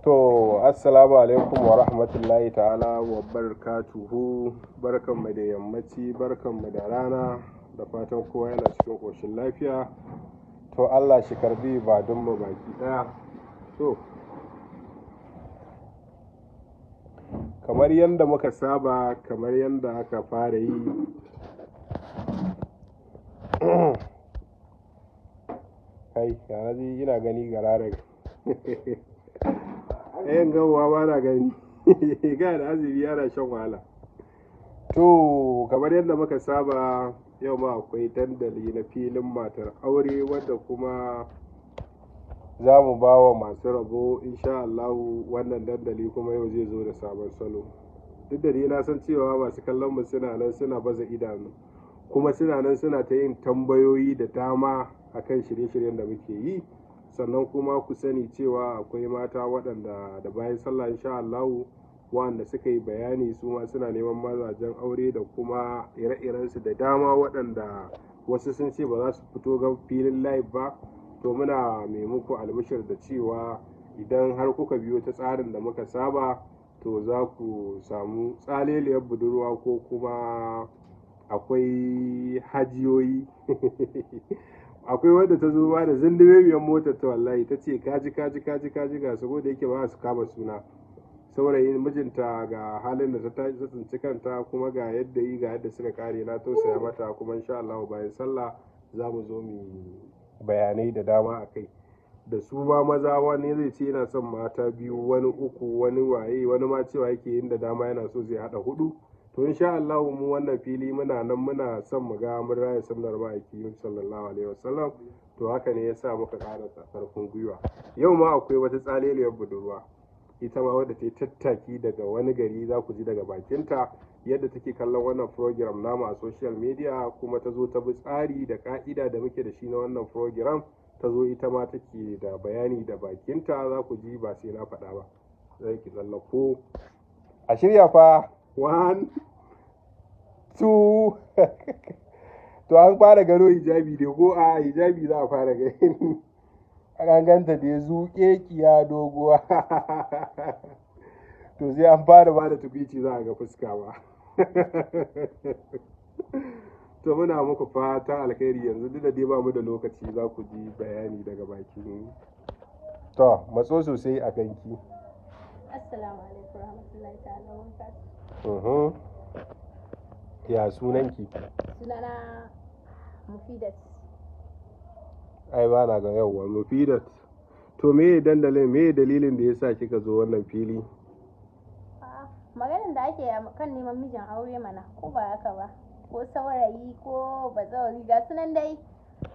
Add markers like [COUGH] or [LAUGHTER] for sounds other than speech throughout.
To, Assalamu alaikum wa rahmatullahi ta'ala wa barkan mu da yammaci, barkan mu da rana, da fatan kowa yana cikin ƙoshin lafiya. To, Allah shi karbi ba don mu baki ɗaya. To, kamar yadda muka saba, kamar yadda aka fara yi. [CLEARS THROAT] Kai, yana gani gararen. [LAUGHS] ayan gawa ba na gani [LAUGHS] ga da azumi yana shan wahala to kamar yadda muka saba yau ma akwai dandali na filin matar aure wadda kuma za mu ba wa masu rabo insha Allahu wannan dandali kuma yau zai zo da sabon salo duk da ni na san cewa masu kallon mu suna nan suna baza idanu kuma suna nan suna ta yin tambayoyi da dama akan shirye-shiryen da muke yi sannan kuma ku sani cewa akwai mata waɗanda da bayan sallah insha Allah waɗanda suka yi bayani su ma suna neman mazajen aure da kuma ire iren su da dama waɗanda wasu sun ce ba za su fito ga filin live ba to muna mai muku albishir da cewa idan har kuka biyo ta tsarin da muka saba to za ku samu tsaleliyar budurwa ko kuma akwai hajiyoyi [LAUGHS] akwai wadda ta zo ba da zindimemiyar motar ta wallahi ta ce kaji kaji kaji kaji ga saboda yake ba su kama suna saurayin mijinta ga halin da ta tashi tsinci kanta kuma ga yadda yi ga yadda suka kare na tausaya mata kuma insha Allah bayan sallah za mu zo mu bayanai da dama a kai da su ba maza wani zai ce yana son mata biyu wani uku wani waye wani ma cewa yake yin da dama yana so zai hada hudu to insha Allah mu wannan fili muna nan muna son mu ga mun raya sunnar ma'aiki sallallahu alaihi wasallam to haka ne yasa muka ƙara karfin gwiwa yau ma akwai wata tsaleliyar budurwa ita ma wadda ta yi tattaki daga wani gari za ku ji daga bakinta yadda take kallon wannan program namu a social media kuma ta zo ta bi tsari da ka'ida da muke da shi na wannan program ta zo ita ma take da bayani da bakinta za ku ji ba sai na faɗa ba zai ki tsallako a shirya fa one two [LAUGHS] to an fara gano hijabi dai ko a hijabi za a fara gani an ganta da ya kiya doguwa [LAUGHS] to sai an fara bada da tukwici za a ga fuska ba [LAUGHS] to muna muku fata alkhairi yanzu duk da dai ba mu da lokaci za ku ji bayani daga ne to matso sosai a kanki assalamu alaikum warahmatullahi ta'ala Uhum. Ya sunanki? Sunana Mufidat. Ai ba na ga yawa Mufidat. To me dandalin me dalilin da yasa kika zo wannan fili? Ah, maganin da ake kan neman mijin aure mana ko ba haka ba ko saurayi ko bazawari ga sunan dai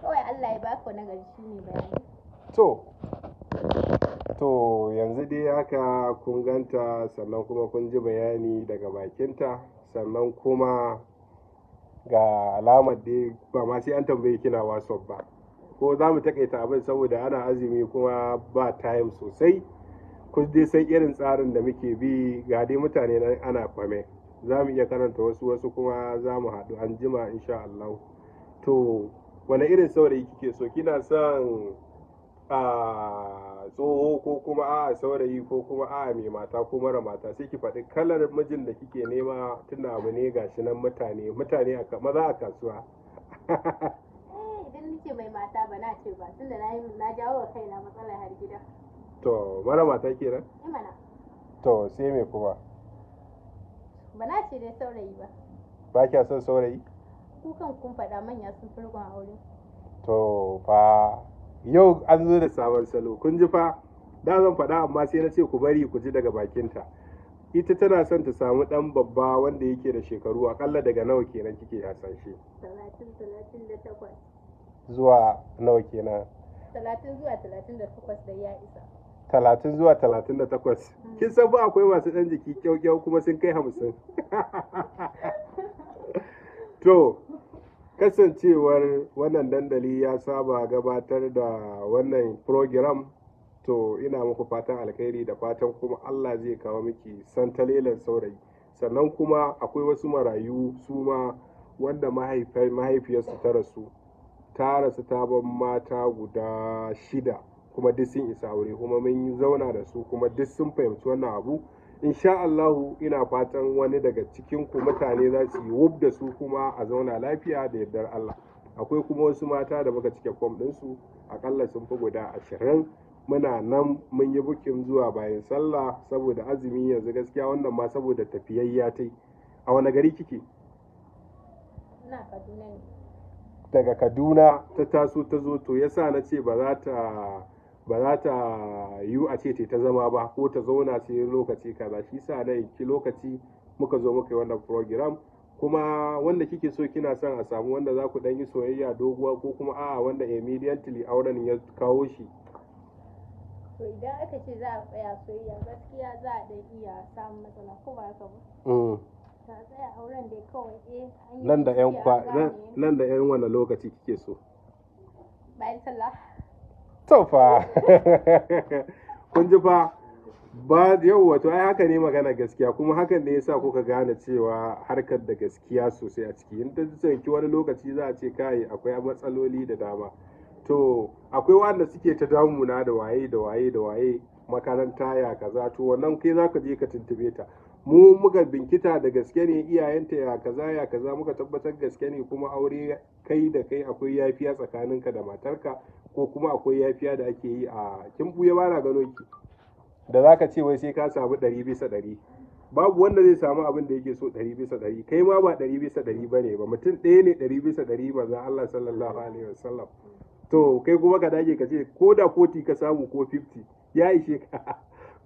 kawai Allah ya baku na gari shine bayani. To to yanzu dai haka kun ganta sannan kuma kun ji bayani daga bakinta sannan kuma ga alamar dai ba ma sai an tambaye kina whatsapp ba ko za mu takaita abin saboda ana azumi kuma ba time sosai kun dai san irin tsarin da muke bi ga dai mutane na ana kwame za mu iya karanta wasu wasu kuma za mu haɗu an jima insha Allah to wani irin saurayi kike so kina son a tsoho ko kuma a saurayi ko kuma a mai mata ko mara mata sai ki faɗi kalar mijin da kike nema tunda abu ne gashi nan mutane mutane a maza a kasuwa eh, idan nake mai mata ba na ce ba tunda na na jawo wa kaina matsalar har gida to mara mata kenan eh mana to sai me kuma ba na ce dai saurayi ba ba kya son saurayi kukan kun faɗa manya sun furgon aure to fa yau an zo da sabon salo kun ji fa da zan faɗa amma sai na ce ku bari ku ji daga bakinta ita tana son ta samu ɗan babba wanda yake da shekaru akalla daga nawa kenan kike hasashe zuwa nawa kenan talatin zuwa talatin da takwas da ya isa talatin zuwa talatin da takwas mm. kin san ba akwai masu ɗan jiki kyau-kyau kuma sun kai hamsin [LAUGHS] to kasancewar wannan dandali ya saba gabatar da wannan program to ina muku fatan alkhairi da fatan kuma allah zai kawo miki santalelan saurayi sannan kuma akwai wasu marayu su ma wanda mahaifiyarsu ta rasu ta rasu ta ban mata guda shida kuma duk sun isa aure kuma mun zauna da su kuma duk sun fahimci wannan abu insha Allahu ina fatan wani daga cikin ku mutane za su yi wub da su kuma a zauna lafiya da yardar Allah akwai kuma wasu mata da muka cike fom su akalla sun fi guda ashirin muna nan mun yi bukin zuwa bayan sallah saboda azumi yanzu gaskiya wannan ma saboda tafiyayya ta a wani gari kike daga kaduna ta taso ta zo to yasa na ce ba za ta ba za ta yiwu a ce ta zama ba ko ta zauna sai lokaci kaza shi sa na yanki lokaci muka zo muka yi wannan program kuma wanda kike so kina son a samu wanda za ku dan yi soyayya doguwa ko kuma a wanda immediately auren ya kawo shi to idan aka ce za a tsaya soyayya gaskiya za a dan iya samun matsala ko ba ka ba ta mm. tsaya auren dai kawai eh nan da yan kwa nan da yan wani lokaci kike so bayan sallah to fa [LAUGHS] kun ji fa ba yau wato ai haka ne magana gaskiya kuma hakan ne yasa kuka gane cewa harkar da gaskiya sosai a ciki in ta tsanki wani lokaci za a ce kai akwai matsaloli da dama to akwai wanda suke ta damuna da waye da waye da waye makaranta ya kaza to wannan kai zaka je ka tuntube ta mu muka binkita da gaske ne iyayenta ya kaza ya kaza muka tabbatar gaske ne kuma aure kai da kai akwai yafiya tsakaninka da matarka ko kuma akwai yafiya da ake yi a kin buya bana gano ki da za ka ce wai sai ka samu ɗari bisa ɗari babu wanda zai samu abin da yake so ɗari bisa ɗari kai ma ba ɗari bisa ɗari ba ne ba mutum ɗaya ne ɗari bisa ɗari za Allah sallallahu alaihi wasallam to kai kuma ka dage ka ce ko da koti ka samu ko 50 ya ishe ka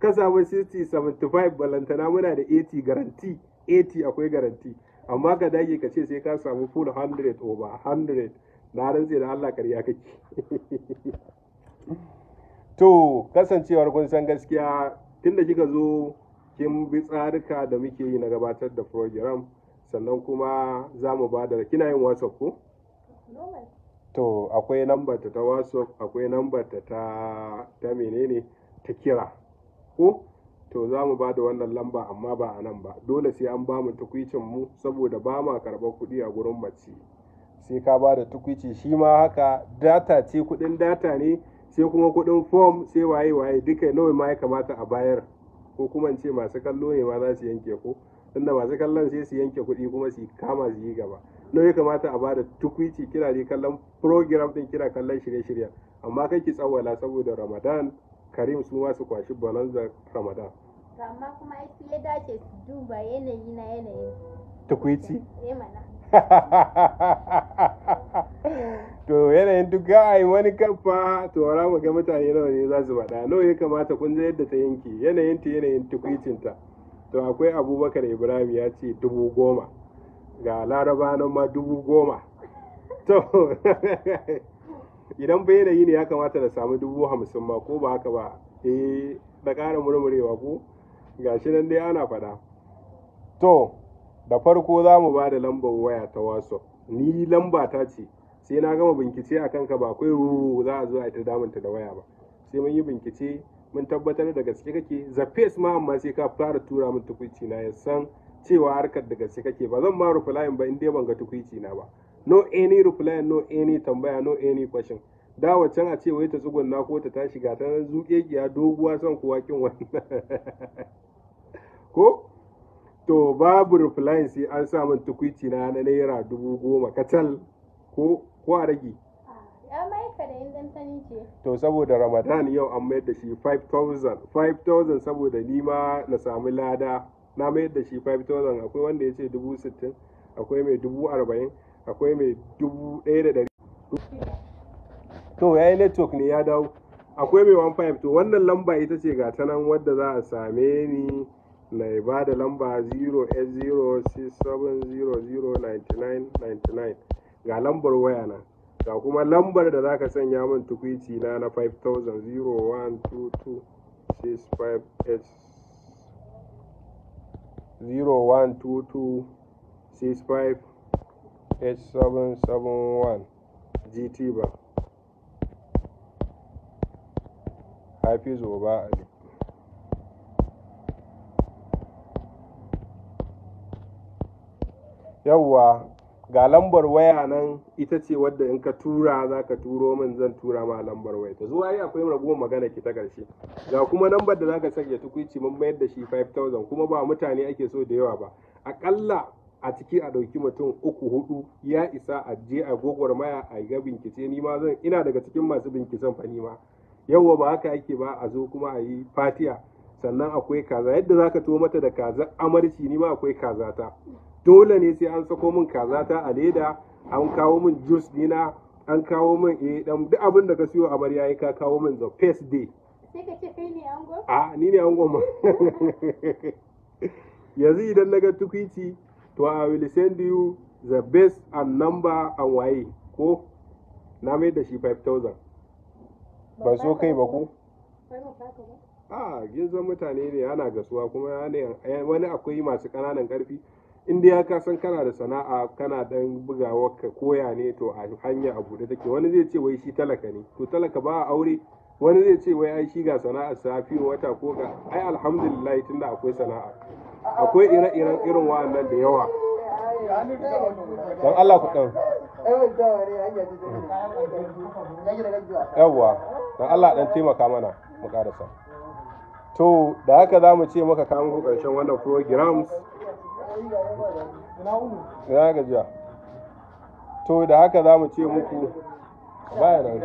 ka samu 60 75 balantana muna da 80 garanti 80 akwai garanti amma ka dage ka ce sai ka samu full 100 over 100 na rantse da Allah karya kake [LAUGHS] to kasancewar kun san gaskiya tunda kika zo kin bi tsarika da muke yi na gabatar da program sannan kuma za mu ba da kina yin whatsapp ko to akwai lambar ta whatsapp akwai lambar ta ta menene ta kira ko to za mu ba da wannan lamba amma ba a nan ba dole sai an ba mu tukwicin mu saboda ba ma karɓar kuɗi a gurin mace sai ka ba da tukwici shi ma haka data ce kuɗin data ne sai kuma kuɗin form sai waye waye duka nawa ma ya kamata a bayar ko kuma ce masu kallo ne ma za su yanke ko tunda masu kallon sai su yanke kuɗi kuma su kama su yi gaba nawa ya kamata a ba da tukwici kira ne kallon program ɗin kira kallon shirye-shiryen amma kai ki tsawwala saboda ramadan karim su ma su kwashi bonanza ramadan amma kuma ya dace su duba yanayi na yanayin tukwici eh [LAUGHS] to yanayin duk yi wani kafa to wara mu ga mutane nawa ne za su faɗa nawa ya kamata kun ji yadda ta yanke yanayin ta yanayin tukwicinta to akwai abubakar ibrahim ya ce dubu goma ga laraba nan ma dubu goma to [LAUGHS] idan bai yanayi ne ya kamata na samu dubu hamsin ma ko ba haka ba eh da ƙara murmurewa ko ga shi nan dai ana faɗa to da farko za mu ba da lambar waya ta waso ni lamba ta ce sai na gama bincike a kanka ba kai za a zo a ta damunta da waya ba sai mun yi bincike mun tabbatar da gaske kake the face ma amma sai ka fara tura min tukuici na ya san cewa harkar da gaske kake ba zan ma reply ba in dai ban ga tukuici na ba no any reply no any tambaya no any question dawa can a ce wai ta tsugun na ko ta tashi ga ta nan giya doguwa san kuwa kin wannan [LAUGHS] ko to babu reply sai an sa min tukwici na na naira dubu goma kacal ko ko a rage to saboda ramadan yau an mayar da shi 5000 5000 saboda ni ma na sami lada na mayar da shi 5000 akwai wanda ya ce 60,000 akwai mai 40,000 akwai mai 1,100 to yayi network ne ya dawo akwai mai 15 to wannan lamba ita ce ga ta nan wadda za a same ni na ba da lamba 08067009999 ga lambar waya na ga kuma lambar da za ka sanya min tukwici na na 5000 771 gt ba hafizu wa yawwa ga lambar waya nan ita ce wadda in ka tura za ka turo min zan tura ma lambar waya ta zuwa yi akwai ragowar magana ki ta ƙarshe ga kuma lambar da za ka sanya tukuici mun mayar da shi 5000 kuma ba mutane ake so da yawa ba aƙalla a ciki a ɗauki mutum uku hudu ya isa a je a gogwar maya a ga bincike ni ma zan ina daga cikin masu binciken fa ni ma yawwa ba haka ake ba a zo kuma a yi fatiya sannan akwai kaza yadda za ka to mata da kaza amarci ni ma akwai kaza ta dole ne sai an sako min kaza ta a leda an kawo min jus dina an kawo min eh dan duk abin da ka siyo bar yayi ka kawo min the first day sai ka ce ne a ni ne ango ma [LAUGHS] yanzu idan na ga tukwici to i will send you the best and number and ko na mai da shi 5000 ba so kai ba ku a gizon mutane ne ana gasuwa kuma eh, wani akwai masu kananan karfi inda ya ka kana da sana'a kana dan bugawa ka koya ne to a hanya a bude take wani zai ce wai shi talaka ne to talaka ba a aure wani zai ce wai ai shi ga sana'a safi wata ko ga ai alhamdulillah tunda akwai sana'a akwai ire-iren irin wa'annan da yawa don Allah ku kan don Allah dan taimaka mana mu karasa to da haka za mu ce maka kamun ƙarshen wannan programs ina gajiya to da haka za mu ce muku bayan nan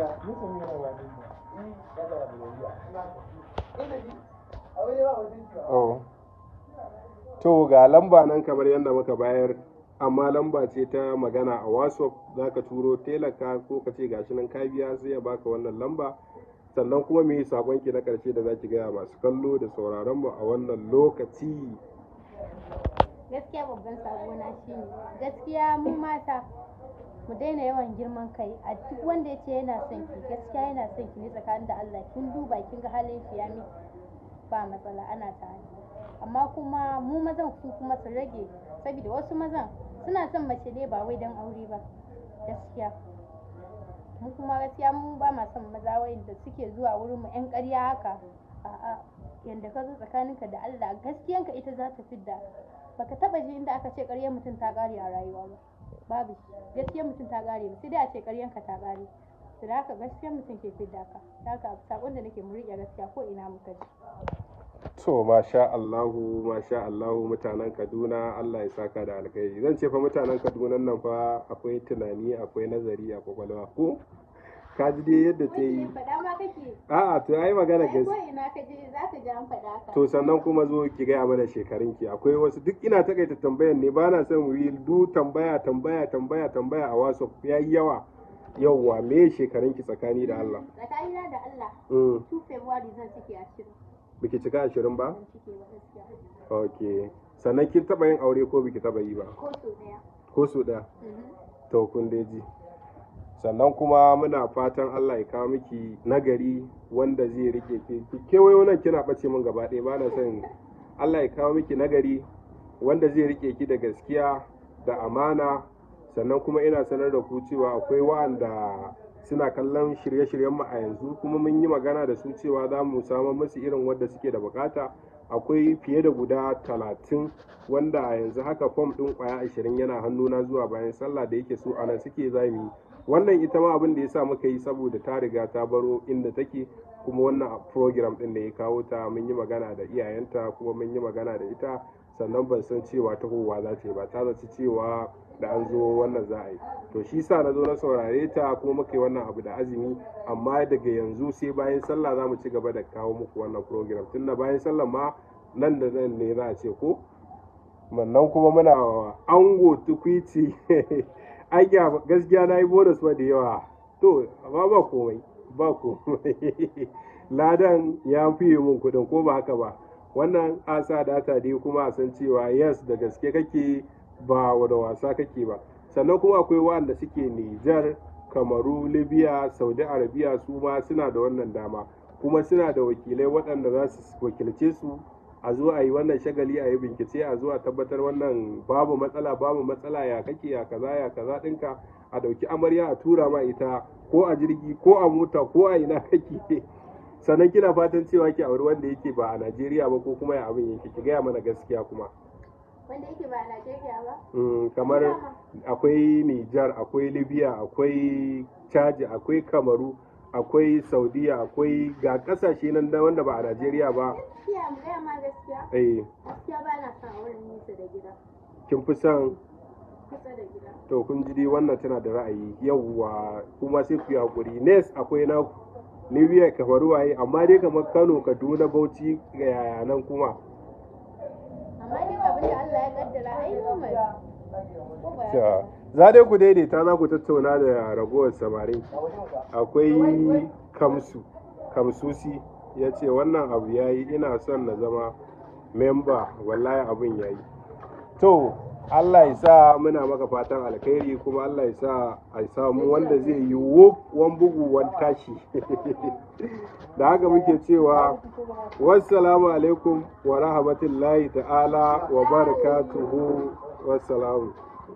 oh. to ga lamba nan kamar yadda muka bayar amma lamba ce ta magana a whatsapp za ka turo telaka ko ka ce gashi nan ka biya sai ya baka wannan lamba sannan kuma yi sakon ki na karshe da za ki gaya masu kallo da sauraron mu a wannan lokaci gaskiya babban sako na shine gaskiya mu mata mu daina yawan girman kai a duk wanda ya ce yana son ki gaskiya yana son ki ne tsakanin da Allah kin duba kin ga halin shi ya miki ba matsala ana tare amma kuma mu mazan ku kuma su rage saboda wasu mazan suna son mace ne ba wai dan aure ba gaskiya mu kuma gaskiya mu ba ma son maza wayanda suke zuwa wurin mu yan ƙarya haka a'a yanda ka zo tsakaninka da Allah ka ita za ta fidda baka taba ji inda aka ce ƙaryar mutum ta ƙare a rayuwa ba babu gaskiyar mutum ta ƙare ba sai dai a ce ka ta ƙare da haka gaskiyar mutum ke fidda ka da haka sakon da nake mu riƙe gaskiya ko ina muka ji to masha Allahu masha Allahu mutanen Kaduna Allah ya saka da alkhairi zan ce fa mutanen Kaduna nan fa akwai tunani akwai nazari a kwakwalwa ko ka ji dai yadda ta yi a'a to ai magana gaske to sannan kuma zo ki gaya mana shekarun ki akwai wasu duk ina takaita tambayan ne ba na son wuri du tambaya tambaya tambaya tambaya a wasu ya yi yawa yauwa me shekarun ki tsakani da Allah tsakani da Allah 2 mm. February zan ciki a cikin biki cika ashirin ba? ok sannan kin taba yin aure ko biki taba yi ba? ko su ɗaya mhm. to kun dai ji sannan kuma muna fatan Allah ya kawo miki nagari wanda zai rike ki kewayo nan kina bace min gaba ɗaya ba na son Allah ya kawo miki nagari wanda zai rike ki da gaskiya da amana sannan kuma ina sanar da ku cewa akwai wa'anda suna kallon shirye-shiryen mu a yanzu kuma mun yi magana da su cewa za mu samar masu irin wadda suke da bukata akwai fiye da guda talatin wanda a yanzu haka fom ɗin kwaya ashirin yana hannuna zuwa bayan sallah da yake so anan suke zami wannan ita ma abin da ya sa muka yi saboda ta riga ta baro inda take kuma wannan program ɗin da ya kawo ta mun yi magana da iyayenta kuma mun yi magana da ita sannan ban san cewa ta tahowa za ta yi ba ta zaci cewa da an zo wannan za a yi to shi sa na zo na saurare ta kuma muke wannan abu da azumi amma daga yanzu sai bayan sallah za mu ci gaba da kawo muku wannan program tunda bayan sallah ma nan da nan ne za a ce ko wannan kuma muna ango tukwici an [LAUGHS] gaskiya na yi bonus ba da yawa to amma ba komai ba komai [LAUGHS] ladan ya fiye mun kudin ko ba haka ba wannan asa data dai kuma a san cewa yes da gaske kake ba da wasa kake ba sannan kuma akwai wanda suke Nijar kamaru libya saudi arabia su ma suna da wannan dama kuma suna da wakilai waɗanda za su wakilce su a zo a yi wannan shagali a yi bincike a zo a tabbatar wannan babu matsala babu matsala ya kake ya kaza ya kaza ɗinka a ɗauki amarya a tura ma ita ko a jirgi ko a mota ko a ina kake sannan kina fatan cewa ki auri wanda yake ba a najeriya ba ko kuma ya abin yake ki gaya mana gaskiya kuma wanda yake ba Najeriya ba mm, kamar akwai Nijar akwai Libya akwai Chad akwai Kamaru akwai Saudiya akwai ga kasashe nan da wanda ba a Najeriya ba gaskiya mu ma gaskiya eh gaskiya ba na wurin nisa da gida kin fi son To kun ji wannan tana da ra'ayi yawwa kuma sai ku yi hakuri nes akwai na New York kamar waye amma dai kamar Kano Kaduna Bauchi ga yaya nan kuma za dai ku daidaita za ku tattauna da ragowar samari akwai kamsu kamsusi ya ce wannan abu ya yi ina son na zama memba wallahi abin ya yi to Allah ya sa muna maka fatan alkhairi kuma Allah ya sa a samu wanda zai yi wan bugu wan tashi [LAUGHS] da haka muke cewa wassalamu alaikum wa rahmatullahi ta'ala wa barakatuhu wassalamu